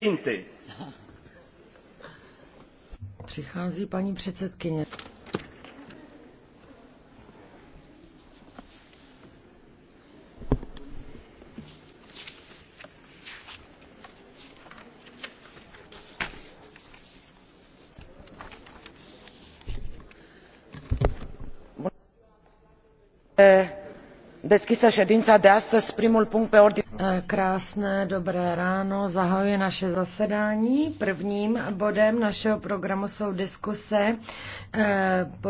Inty. Přichází paní předsedkyně. Eh, deschisă ședința de astăzi primul punct pe ordine. Eh, krásné dobré ráno, zahajuje naše zasedání. Prvním bodem našeho programu jsou diskuse eh,